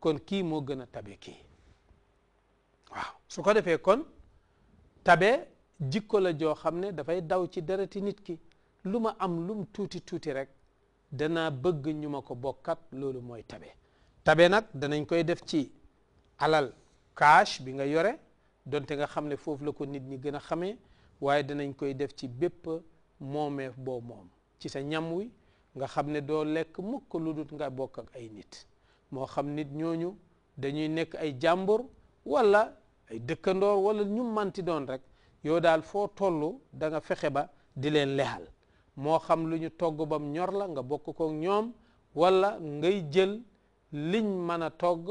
kon kii moo gën a tabe kii waaw su ko defee kon tabe jikko la joo xam ne dafay daw ci dereti nit ki lu ma am lum tuuti tuuti rek danaa bëgg ñu ma ko bokkat loolu mooy tabe tabe nag danañ koy def ci alal cash bi nga yore donte nga xam ne foofu la ko nit ñi gën a xame waaye danañ koy def ci bépp moomeef boo moom ci sa ñam wi nga xam ne doo lekk mukk lu dul nga bokk ay nit moo xam nit ñooñu dañuy nekk ay jàmbur wala ay dëkkandoor wala ñu manti doon rek yow daal foo tollu da nga fexe ba di leen lexal moo xam lu ñu togg bam ñor la nga bokk ko ñoom walla ngay jël liñ mën a togg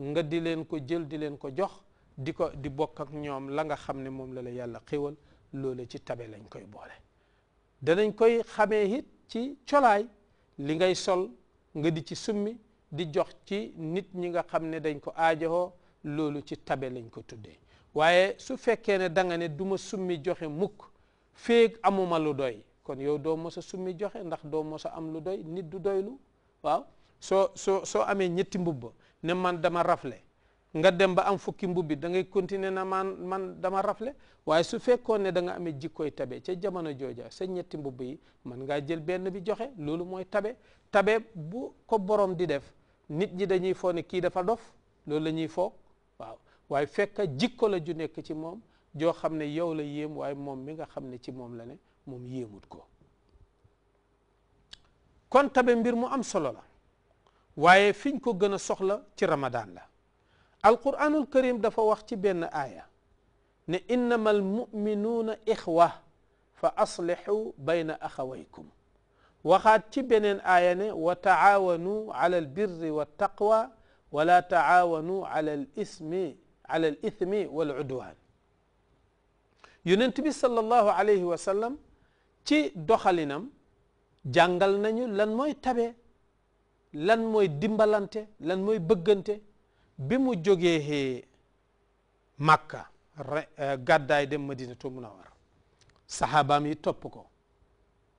nga di leen ko jël di leen ko jox di ko di bokk ak ñoom la nga xam ne moom la la yàlla xéwal loole ci tabe lañ koy boole danañ koy xamee it ci colaay li ngay sol nga di ci summi di jox ci nit ñi nga xam ne dañ ko aajowoo loolu ci tabe lañ ko tuddee waaye su fekkee ne da nga ne du ma summi joxe mukk féeg amuma lu doy kon yow doo mos a summi joxe ndax doo mos a am lu doy nit du doylu waaw soo soo soo amee ñetti mbubb ne man dama rafle nga dem ba am fukki mbubbi da ngay continuer na man man dama rafle waaye su fekkoon ne da nga amee jikkooy tabe ca jamono jooja sa ñetti mbubb yi man ngaa jël benn bi joxe loolu mooy tabe tabe bu ko borom di def nit ñi dañuy foo ne kii dafa dof loolu la ñuy foog waaw waaye fekk jikko la ju nekk ci moom joo xam ne yow la yéem waaye moom mi nga xam ne ci moom la ne moom yéemut ko kon tabe mbir mu am solo la waaye fiñ ko gën a soxla ci ramadaan la alquranul karim dafa wax ci benn aaya ne innama almuminuuna ixwa fa aslixu bayna axawaykum waxaat ci beneen aaya ne wa taawanu ala albirri waltaqwa wala taawanu ala al ala al ithmi wal udwan yonent bi sallallahu alayhi wa sallam ci doxalinam jàngal nañu lan mooy tabe lan mooy dimbalante lan mooy bëggante bi mu jógee Makka eh, gàddaay dem Madinatu Munawwara saxaabaam yi topp ko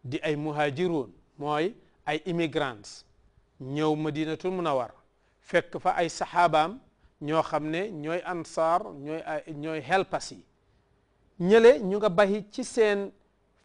di ay muhaajiroon mooy ay immigrants ñëw ma madinatul war fekk fa ay saxaabaam ñoo xam ne ñooy ansaar ñooy ñooy helpas yi ñële ñu nga baxi ci seen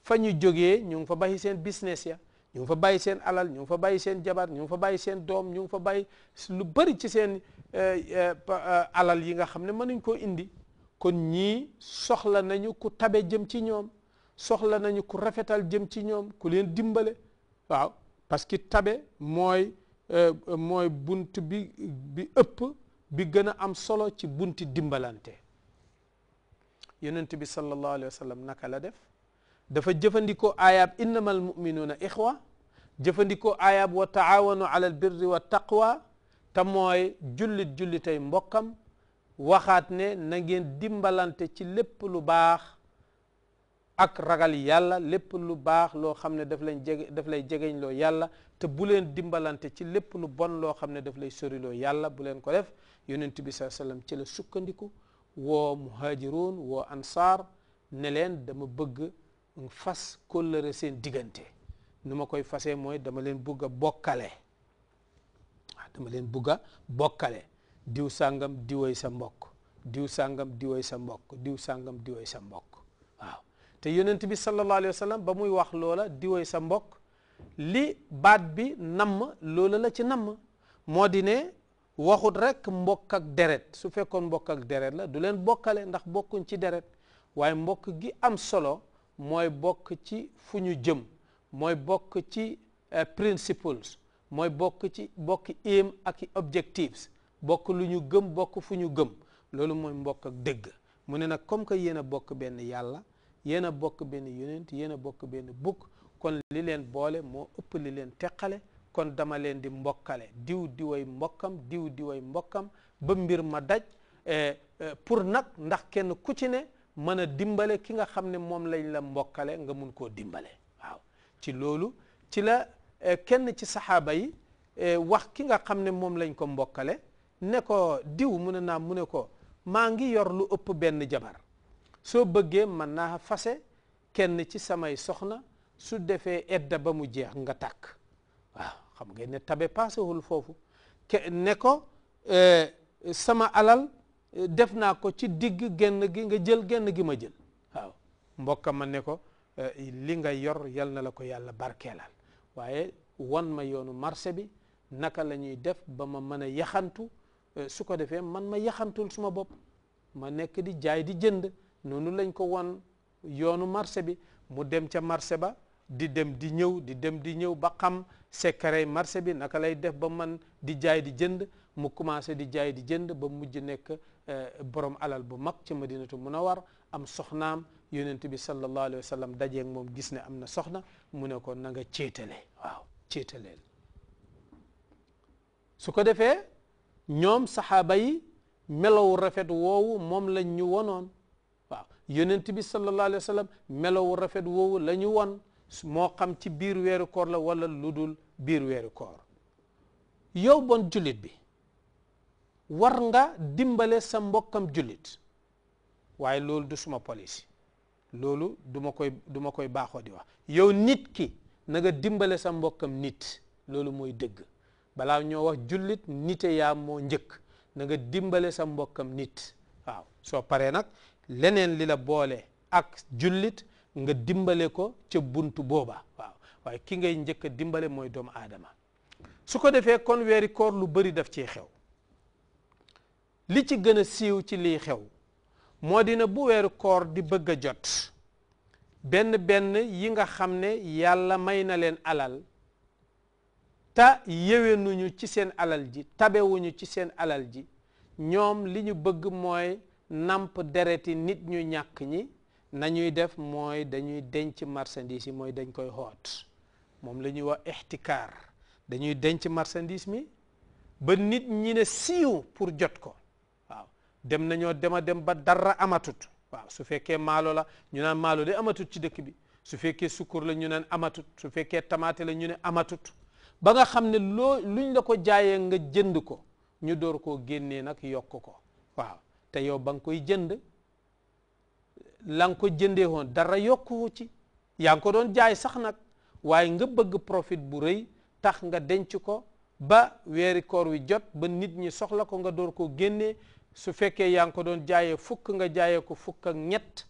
fa ñu jógee ñu ngi fa baxi seen business ya ñu ngi fa bàyyi seen alal ñu ngi fa bàyyi seen jabar ñu ngi fa bàyyi seen doom ñu ngi fa bàyyi lu bëri ci seen eh, eh, eh, alal yi nga xam ne mënuñ koo indi kon ñii soxla nañu ku tabe jëm ci ñoom soxla nañu ku rafetal jëm ci ñoom ku leen dimbale waaw parce que tabe mooy euh, mooy bunt bi ëpp bi gën a am solo ci bunti dimbalante yonent bi sallallahu alayhi wa sallam naka la def dafa jëfandikoo ayaab innama almuminuuna ixwa jëfandikoo ayaab wa taawanu ala albirri wa taqwa te mooy jullit jullitay mbokkam waxaat ne na dimbalante ci lépp lu baax ak ragal yàlla lépp lu baax loo xam ne daf lañ jege daf lay jegeñ loo yàlla te bu leen dimbalante ci lépp lu bon loo xam ne daf lay soriloo yàlla bu leen ko def yonent bi saa sallam ci la sukkandiku woo muhaajiroon woo ansaar ne leen dama bëgg fas kóllëre seen diggante nu ma koy fasee mooy dama leen bugg bokkale dama leen bugg a bokkale diw sàngam diwoy sa mbokk diw sàngam diwoy sa mbokk diw sàngam diwoy sa mbokk te yonent bi sallallahu alayhi ba muy wax loola diwoy sa mbokk li baat bi namm loola la ci namm moo di ne waxut rek mbokk ak deret su fekkoon mbokk ak deret la du leen bokkale ndax bokkuñ ci deret waaye mbokk gi am solo mooy bokk ci fu ñu jëm mooy bokk ci eh, principles mooy bokk ci bokk aim ak objectives bokk lu ñu gëm bokk fu ñu gëm loolu mooy mbokk ak dëgg mu ne nag comme que yéen a bokk benn yàlla yéen a bokk benn yonent yéen a bokk benn bukk kon li leen boole moo ëpp li leen teqale kon dama leen di mbokkale diw diway mbokkam diw diway mbokkam ba mbir ma daj eh, eh, pour nag ndax kenn ku ci ne mën a dimbale ki nga xam ne moom lañ la mbokkale nga mun koo dimbale waaw ci loolu ci la eh, kenn ci saxaaba yi wax ki nga xam ne moom lañ ko mbokkale ne ko diw mu ne naam mu ne ko maa ngi yor lu ëpp benn jabar soo bëggee mën naa fase kenn ci samay soxna su defee edda ba mu jeex nga tàkk waaw xam nga ne tabe paasewul foofu ke ne ko eh, sama alal eh, def naa ko ci digg genn gi nga jël genn gi ma jël waaw mbokka ma ne ko eh, li nga yor yal na la ko yàlla barkeelal waaye wan ma yoonu marché bi naka lañuy def ba ma mën a yaxantu su ko defee man ma yaxantul suma bopp ma nekk di jaay di jënd noonu lañ ko won yoonu marché bi mu dem ca marché ba di dem di ñëw di dem di ñëw ba xam secret marché bi naka lay def ba man di jaay di jënd mu commencé di jaay di jënd ba mu mujj nekk eh, borom alal bu mag ci madinatu munawar am soxnaam yonent bi sallallahu alayhi wa moom gis ne am na soxna mu ne ko na nga céetale waaw céetaleel su ko defee ñoom saxaaba yi melawu rafet woowu moom lañ ñu wonoon yonent bi sallallahu alayhi wa sallam rafet woowu lañu ñu won moo xam ci biir weeru koor la lu dul biir weeru koor yow bon jullit bi war nga dimbale sa mbokkam jullit waaye loolu du suma police loolu du koy du koy baaxoo di wax yow nit ki na nga dimbale sa mbokkam nit loolu mooy dëgg balaa ñoo wax jullit nite moo njëkk na nga dimbale sa mbokkam nit waaw soo paree nag leneen li la boole ak jullit nga dimbale ko ca buntu booba waaw waaye ki ngay njëkk a dimbale mooy doomu aadama su ko defee kon weeri koor lu bari daf ciy xew li ci gën a siiw ci liy xew moo dina bu weeru koor di bëgg jot benn benn yi nga xam ne yàlla may na leen alal te yéwenuñu ci seen alal ji tabewuñu ci seen alal ji ñoom li ñu bëgg mooy namp dereti nit ñu ñàkk ñi nañuy def mooy dañuy denc marchandise yi mooy dañ koy xoot moom lañuy wax ixtikaar dañuy denc marchandise mi ba nit ñi ne siiw pour jot ko waaw dem nañoo dema dem ba dara amatut waaw su fekkee maalo la ñu naan maalo de amatut ci dëkk bi su fekkee sukkur la ñu naan amatut su fekkee tamaate la ñu ne amatut ba nga xam ne loo luñ la ko jaayee nga jënd ko ñu door koo génnee nag yokk ko waaw te yow ba nga koy jënd la nga ko jëndee woon dara yokku ci yaa ngi ko doon jaay sax nag waaye nga bëgg profit bu rëy tax nga denc ko ba weeri koor wi jot ba nit ñi soxla ko nga door ko génnee su fekkee yaa ngi ko doon jaayee fukk nga jaayee ko fukk ak ñett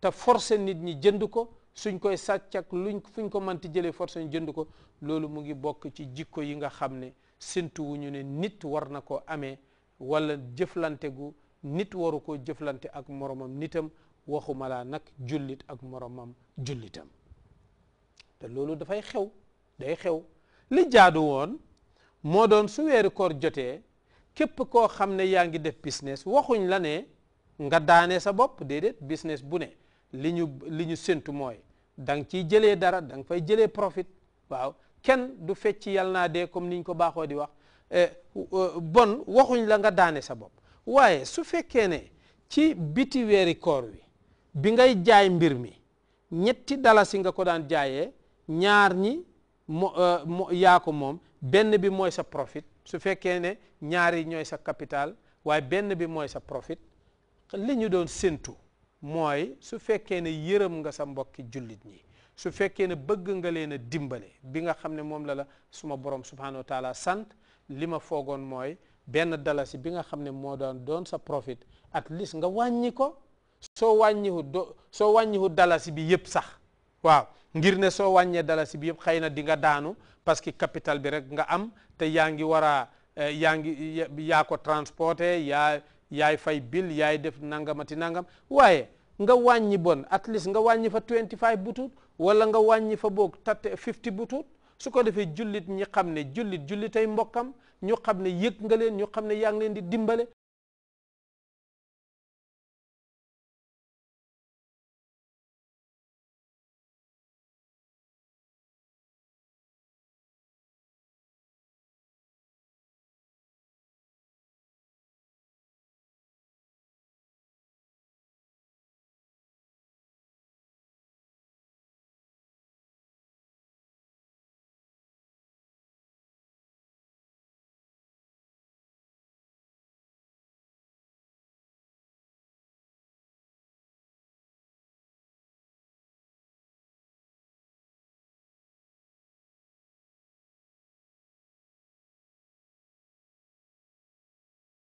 te forcé nit ñi jënd ko suñ koy sàcc ak luñ fuñ ko mënti jëlee forcé ñu jënd ko loolu mu ngi bokk ci jikko yi nga xam ne séntu ñu ne nit war na koo amee walla jëflante gu nit waru ko jëflante ak moromam nitam waxuma laa nag jullit ak moroomam jullitam te loolu dafay xew day xew li jaadu woon moo doon su weeri koor jotee képp koo xam ne yaa ngi def business waxuñ la ne nga daane sa bopp déedéet business bu ne li ñu li ñu séntu mooy da ciy jëlee dara da nga fay jëlee profit waaw kenn du fecc yàlla naa de comme niñ ko baaxoo di wax eh, euh, bon waxuñ la nga daane sa bopp waaye su fekkee ne ci biti weeri koor wi bi ngay jaay mbir mi ñetti dala dalasi nga ko daan jaaye ñaar ñi euh, yaa ko moom benn bi mooy sa profit su fekkee ne ñaari ñooy sa capital waaye benn bi mooy sa profit li ñu doon séntu mooy su fekkee ne yërëm nga sa mbokki jullit ñi su fekkee ne bëgg nga leen a dimbale bi nga xam ne moom la la suma borom subhanahu wa taala sant li ma foogoon mooy benn dalasi bi nga xam ne moo doon doon sa profit at least nga wàññi ko soo wàññiwu do soo wàññiwu dalasi bi yëpp sax waaw ngir ne soo wàññee dalasi bi yëpp xëy na di nga daanu parce que capital bi rek nga am te yaa ngi war a eh, yaa ngi yaa ko transporté yaa yaay fay bill yaay def nangamati nangam waaye nga wàññi bon at least nga wàññi fa 25 butut wala nga wàññi fa boog tat 50 butut su ko defee jullit ñi xam ne jullit jullitay mbokkam ñu xam ne yëg nga leen ñu xam ne yaa ngi leen di dimbale